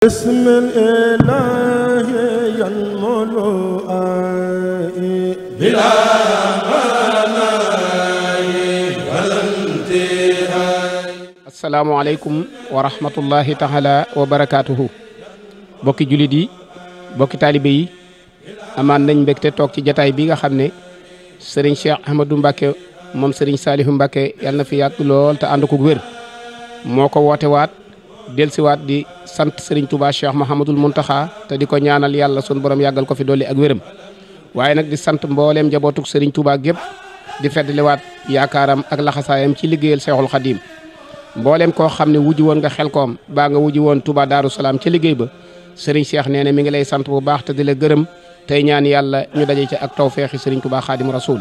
بسم الإله ينمل آئي بلا مناي ولا انتهاء السلام عليكم ورحمة الله تعالى وبركاته bokki jullit yi bokki taalibe yi amaan nañ mbégte toog ci jataay bi nga xam ne sëriñ Cheikh Ahmadou Mbacke moom sëriñ Saalihu Mbacke yàlla na fi yàgg lool te ànd ko wér moo ko woote waat dellusiwaat di sant Serigne Touba Cheikh Mouhamadul Mountakha te di ko ñaanal yàlla sun borom yàggal ko fi dolli ak wéram waaye nag di sant mbooleem njabootug Serigne Touba gépp di feddliwaat yaakaaram ak laxasaayam ci liggéeyal Cheikhul Khadim mbooleem koo xam ne wuji woon nga Xelkom baa nga wuji woon Touba Darou Salaam ca liggéey ba Serigne Cheikh nee na mi ngi lay sant bu baax te di la gërëm tey ñaan yàlla ñu dajee ci ak tawféexi Serigne Touba Khadim Rasoul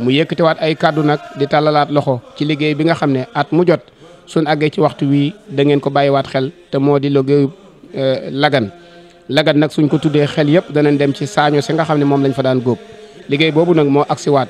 mu yëkkatiwaat ay kàddu nag di tàllalaat loxo ci liggéey bi nga xam ne at mu jot suñ àggee ci waxtu wii da ngeen ko waat xel te moo di liggéeyu euh, lagan lagan nag suñ ko tuddee xel yëpp danañ dem ci saaño si nga xam ne moom lañ fa daan góob liggéey boobu nag moo agsiwaat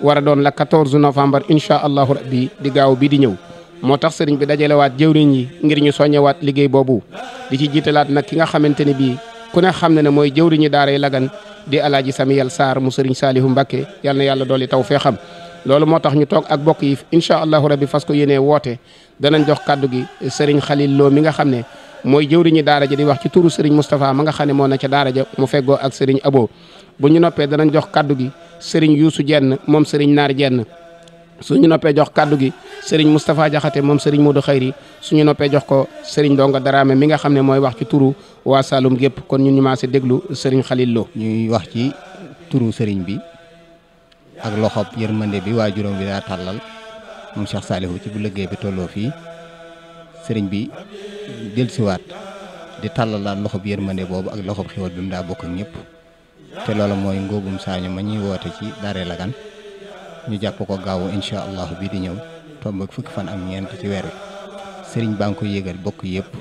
war a doon la 14 novembre incha allahu bii di gaaw bii di ñëw moo tax sëriñ bi dajalewaat jëwriñ yi ngir ñu soññewaat liggéey boobu di ci jiitalaat nag ki nga xamante ne bii ku ne xam ne ne mooy jëwriñu daaray lagan di alaaji Samiyel Sarr mu sëriñ Saalihu Mbakke yal na yàlla dolli taw fee xam loolu moo tax ñu toog ak bokk yi incha allahu rabbi fas ko yéenee woote danañ jox kàddu gi Serigne Khalil Lo mi nga xam ne mooy jëwriñu daara ja di wax ci turu Serigne Moustapha ma nga xam ne moo na ca daara ja mu feggoo ak Serigne Abo bu ñu noppee danañ jox kàddu gi Serigne Youssou Jenn moom Serigne Naar Jenn su ñu noppee jox kàddu gi Serigne Moustapha Jaxate moom Serigne Modou Xayri suñu noppee jox ko Serigne Donga Daraame mi nga xam ne mooy wax ci turu waa Saloum gépp kon ñun ñu maase déglu Serigne Khalil Lo ñuy wax ci turu Serigne bi ak loxob yërmande bi waa juróom bi daa tàllal mu Cheikh Saliou ci bu liggéey bi tolloo fii sëriñ bi dellusiwaat di tàllalaat loxob yërmande boobu ak loxob xéwal bi mu daa bokk ñépp te loolu mooy ngoogum saañu ma ñuy woote ci Daaray Lagan ñu jàpp ko gaawu incha allahu bii di ñëw tomb ak fukki fan ak ñeent ci weer wi sëriñ baa ngi ko yéegal bokk yépp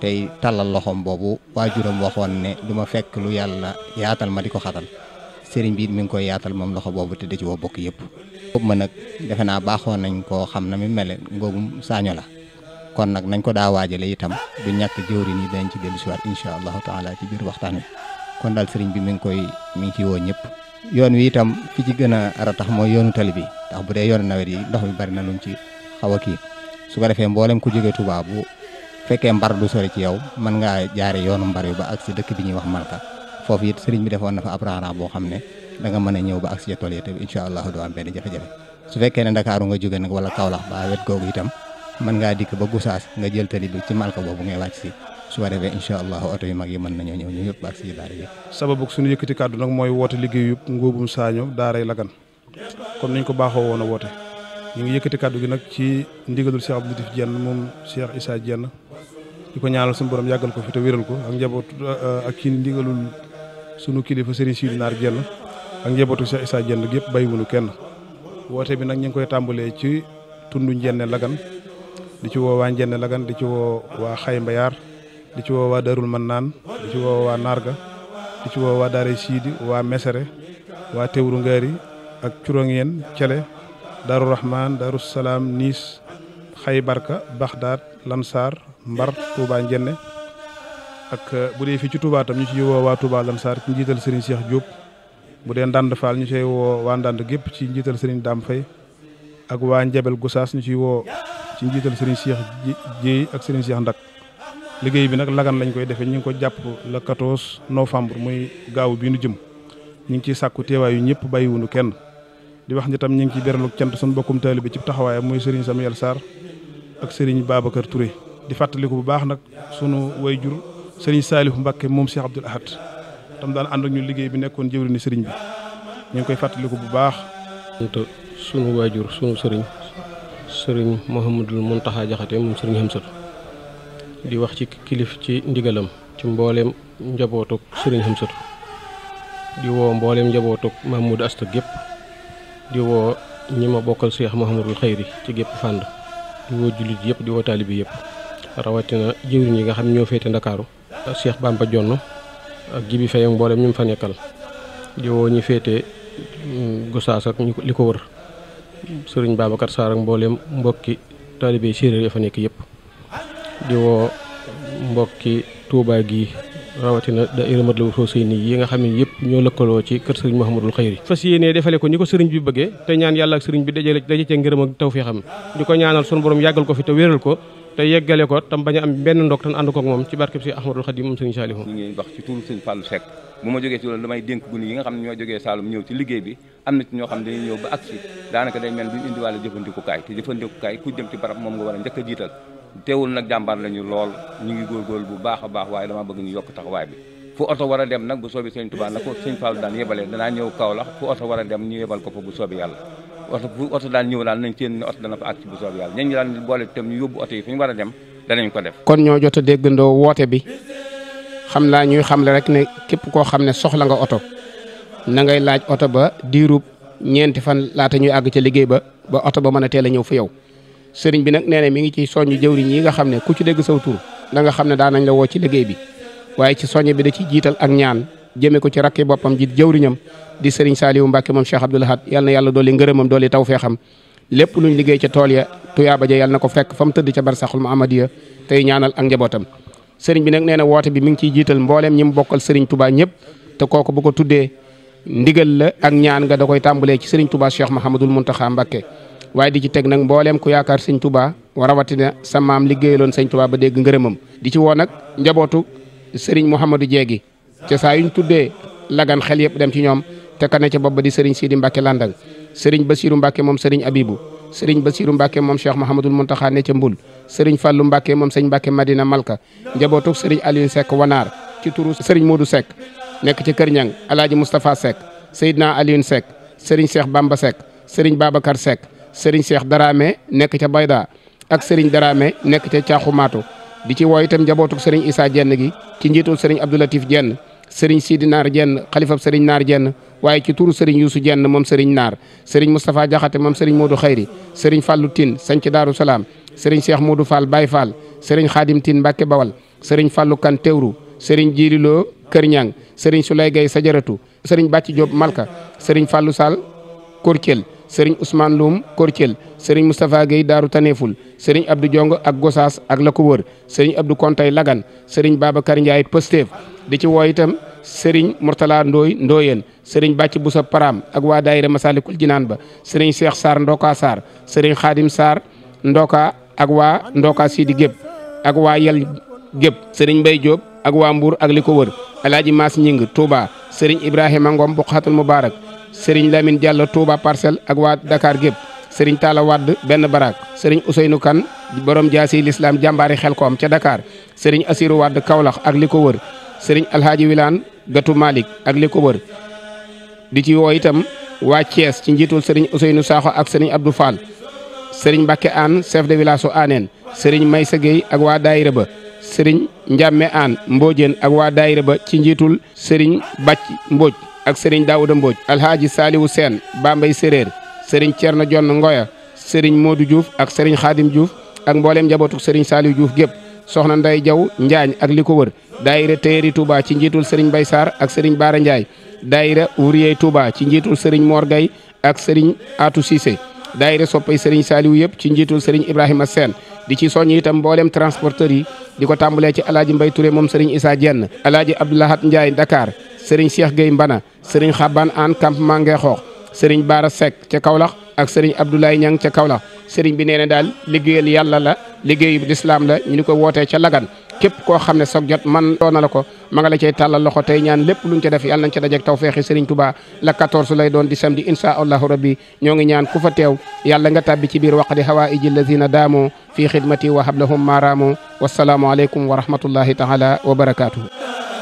tey tàllal loxoom boobu waa waajuram waxoon ne du ma fekk lu yàlla yaatal ma di ko xatal sëriñ bi mi ngi koy yaatal moom loxo boobu te da ci woo bokk yëpp. boobu ma nag defe naa baaxoon nañ koo xam na mi mele ngoogum saaño la kon nag nañ ko daa waajale itam du ñàkk jëwriñ yi dañ ci dellu si waat incha allahu taala ci biir waxtaan wi kon daal sëriñ bi mi ngi koy mi ngi ciy woo ñëpp. yoon wi itam fi ci gën a ara tax mooy yoonu tali bi ndax bu dee yoonu nawet yi ndox mi bari na lu mu ci xaw a kii su ko defee mboolem ku jógee tubaabu fekkee mbar du sori ci yow mën ngaa jaare yoonu mbar yu ba ak si dëkk bi ñuy wax Malka. foofu it sëriñ bi defoon na fa ab raara boo xam ne da nga mën a ñëw ba ak si tool yi te incha allah doo am benn jafe-jafe su fekkee ne ndakaaru nga jóge nag wala Kaolack ba wet googu itam mën ngaa dikk ba Gossas nga jël tali bi ci Malka boobu ngay wàcc si su ko defee incha allah oto yu mag yi mën nañoo ñëw ñu yëpp ba ak si daara yi sababu suñu yëkkati kàddu nag mooy woote liggéeyu ngóobum saaño daaray Lagan comme niñ ko baaxoo woon ngi yëkkati kàddu gi nag ci ndigalul Cheikh Abdou Latif Diène moom Cheikh Issa Diène di ko ñaanal suñu borom ko fi ko ak njaboot ak ci ndigalul sunu kilifa Serigne Sidi Naar Jëll ak njabootu Cheikh Issa Jëll yëpp bàyyiwuñu kenn woote bi nag ñu ngi koy tàmbalee ci tund njenne lagan di ci woo waa njenne lagan di ci woo waa xay mbayaar di ci woo waa man naan di ci woo waa narga di ci woo waa siidi waa mesere waa tewru ngaari ak curongeen cele daaru rahman daaru salaam niis xay barka baxdaad lansaar mbar tuubaa njenne ak euh, bu dee fii ci Touba tam ñu ciy woo waa Touba ci njiital Serigne Cheikh Diop bu dee Ndande Fall ñu ciy woo waa Ndande gépp ci njiital Serigne Dame Faye ak waa Njabel Gosaas ñu ciy woo ci njiital Serigne Cheikh Dieye ak Serigne Cheikh Ndak liggéey bi nag lagan lañ koy defee ñu ngi ko jàpp le 14 novembre muy gaaw bi nu jëm ñu ngi ciy sàkku teewaay yu ñëpp bàyyiwunu kenn di wax ni tam ñu ngi ciy beralu cant suñu bokkum taalibe bi ci taxawaayam muy Serigne Samuel saar ak Serigne Babacar sëriñ Saalif Mbàkke moom Cheikh Abdoul Ahad tam daan ànd ñu liggéey bi nekkoon jëwriñu sëriñ bi ñu koy fàttaliku bu baax. sant sunu waajur sunu sëriñ sëriñ Mouhamadul Mountakha Jaxate moom sëriñ Hamsatu di wax ci kilif ci ndigalam ci mbooleem njabootuk sëriñ Hamsatu di woo mbooleem njabootuk Mahmoud Asta gépp di woo ñi ma bokkal Cheikh Mouhamadul Xayri ci gépp fànn di woo jullit yëpp di woo taalibi yëpp rawatina jëwriñ yi nga xam ñoo féete Ndakaaru Cheikh ba Jonn ak Jibi Faye ak mboolem ñu fa nekkal di woo ñi féete mm, Gosaas ak li ko wër sëriñ Babacar Sarr ak mboolem mbokki taalibe séeréer ya fa nekk yëpp di woo mbokki Touba gi rawatina daayira Matlaboul Fawzayni yi nga xam ne yëpp ñoo lëkkaloo ci kër sëriñ Mouhamadul Xayri fas yéene defale ko ñi ko sëriñ bi bëggee te ñaan yàlla ak sëriñ bi dajale daje ca ngërëm ak tawfeexam di ko ñaanal sunu borom yàggal ko fi te wéeral ko te yeggale ko tam bañ am benn ndog tan ànd kook moom ci barkeb si Ahmadul Xadim moom sëriñ Saalihu ñu ngi wax ci turu sëriñ Fallou Seck bu ma jógee ci loolu damay dénk guni yi nga xam ne liggéey bi am na ci ñoo xam dañuy ñëw ba agsi daanaka a njëkk a jiital lool ñu ngi góorgóorlu bu baax a baax waaye dama bëgg ñu yokk taxawaay bi fu oto war a dem nag bu soobee sëñ Tuubaa na ko sëñ Fallou daan yebalee danaa ñëw Kaolack fu oto war a dem ñu yebal ko fa bu soobee yàlla oto bu oto daal ñëw daal nañ seen oto dana fa àgg bu soob yàlla ñen ñi daan boole itam ñu yóbbu oto yi fi ñu war a dem danañ ko def kon ñoo jot a déggandoo woote bi xam naa ñuy xamle rek ne képp koo xam ne soxla nga oto na ngay laaj oto ba diirub ñeenti fan laata ñuy àgg ca liggéey ba ba oto ba mën a teel a ñëw fa yow sëriñ bi nag nee na mi ngi ciy soññ jëwriñ yi nga xam ne ku ci dégg saw tur da nga xam ne daanañ la woo ci liggéey bi waaye ci jëmee ko ci rakki boppam ji jëwriñam di sëriñ Saliou Mbacke moom Cheikh Abdoul Ahad yal na yàlla dooli ngërëmam dooli xam lépp luñ liggéey ca tool ya tuyaaba ja yàlla na ko fekk fa mu tëdd ca barsaxul Muhammadiya tey ñaanal ak njabootam sëriñ bi nag nee na woote bi mi ngi ciy jiital mbooleem ñi mu bokkal sëriñ Touba ñëpp te kooku bu ko tuddee ndigal la ak ñaan nga da koy tàmbalee ci sëriñ Touba Cheikh Mahamadul Muntaxa Mbacke waaye di ci teg nag mbooleem ku yaakaar sëñ Touba rawatina sa maam liggéeyaloon sëñ Touba ba dégg ngërëmam di ci woo nag njabootu sëriñ Mouhamadou Jeegi ca saa yuñ tuddee lagan xel yëpp dem ci ñoom te ka ne ca bopp ba di sëriñ Sidi Mbacke Landang sëriñ Basiru Mbacke moom sëriñ Abibu sëriñ Basiru Mbacke moom Cheikh Mahamadul Muntaxa ne ca Mbul sëriñ Fàllu Mbacke moom sëñ Mbacke Madina Malka njabootug sëriñ Aliou Seck Wanaar ci turu sëriñ Modou sek nekk ci Kër Ñang Alaaji Moustapha Seck Seydina Aliou Seck sëriñ Cheikh Bamba Seck sëriñ Babacar Seck sëriñ Cheikh Darame nekk ca baydaa ak sëriñ Darame nekk ca Caaxumaatu di ci woo itam njabootug sëriñ Issa Jenn gi ci njiitul sëriñ Abdoulatif Jenn sëriñ Sidi Naar Jenn xalifab sëriñ Naar Jenn waaye ci turu sëriñ Youssou Jenn moom sëriñ Naar sëriñ Moustapha Diakhaté moom sëriñ Modou Khayri sëriñ Fallou Tine sanc Daaru Salaam sëriñ Cheikh Modou Fall Baye Fall sëriñ Khadim Tine Mbacke Bawal sëriñ Fallou Kan Tewru sëriñ Jiriloo Kër Ñang sëriñ Souley Gaye Sajaratu sëriñ Bàcci Diop Malka sëriñ Fallou Sall Kortiel sëriñ Ousmane Loum Kortiel sëriñ Moustapha Guèye Daaru Taneeful sëriñ Abdou Diongo ak Gosaas ak la di ci woo itam sëriñ Mourtala Ndooy Ndooyeen sëriñ Bàcc Busa Param ak waa daayira Masalikul Jinaan ba sëriñ Cheikh Sarr Ndoka Sarr sëriñ Xaadim Sarr Ndoka ak waa Ndoka Sidi Gépp ak waa Yal Gépp sëriñ Mbay ak waa Mbuur ak li ko wër alaaji Maas Ñing Touba sëriñ Ibrahima Ngom Buqatul Mubarak sëriñ lamin Diallo Touba Parcelles ak waa Dakar Gépp sëriñ Talla Wadd benn barak sëriñ Ousseynou Kan borom jaasi lislaam jàmbaari xel koom ca Dakar sëriñ Asiru Wadd Kaolack ak li ko wër sëriñ alxaaji wilaan gatu malik ak li ko wër di ci woo itam waa Thiès ci njiitul sëriñ Ousseynou Sakho ak sëriñ Abdou Fall sëriñ Mbacke Aan chef de village su Aaneen sëriñ Maysa Gueye ak waa daayira ba sëriñ Ndiame Aan Mbodjeen ak waa daayira ba ci njiitul sëriñ Bàcc Mbodj ak sëriñ Daouda Mbodj alxaaji Saliou Sène Bambey Séréer sëriñ na Jonn Ngoya sëriñ Modou Diouf ak sëriñ Khadim Diouf ak mbooleem njabootuk sëriñ Saliou Diouf gépp soxna Nday Jaw Njaañ ak li ko wër daayira téeri Touba ci njiitul Serigne Bay Sarr ak Serigne Baara Ndiaye daayira ouvrier Touba ci njiitul Serigne Mor Gay ak Serigne Atou Cissé daayira soppay Serigne Saliou yëpp ci njiitul Serigne Ibrahima seen di ci soññ itam mboolem transporteur yi di ko tàmbalee ci alaaji Mbay Touré moom Serigne Issa Dieng alaaji Abdoulahat Ndiaye dakaar Serigne Cheikh Gueye Mbana Serigne Xaban An campement Ngexoox Serigne Baara Seck ca Kaolack ak Serigne Abdoulaye Niang ca Kaolack sëriñ bi nee na daal liggéeyal yàlla la liggéeyu lislaam la ñu ni ko wootee ca lagan képp koo xam ne soog jot man doona la ko ma nga la cay tàllal loxo tey ñaan lépp luñ ca def yàlla nañ ca dajeek tawfeexi Serigne Touba la 14 lay doon di samedi insha allahu rabbi ñoo ngi ñaan ku fa teew yàlla nga tàbbi ci biir waqdi hawaaiji lazina daamoo fii xidmati wa hablahum maaraamoo wasalaamu aleykum wa rahmatullahi taala wa barakaatuhu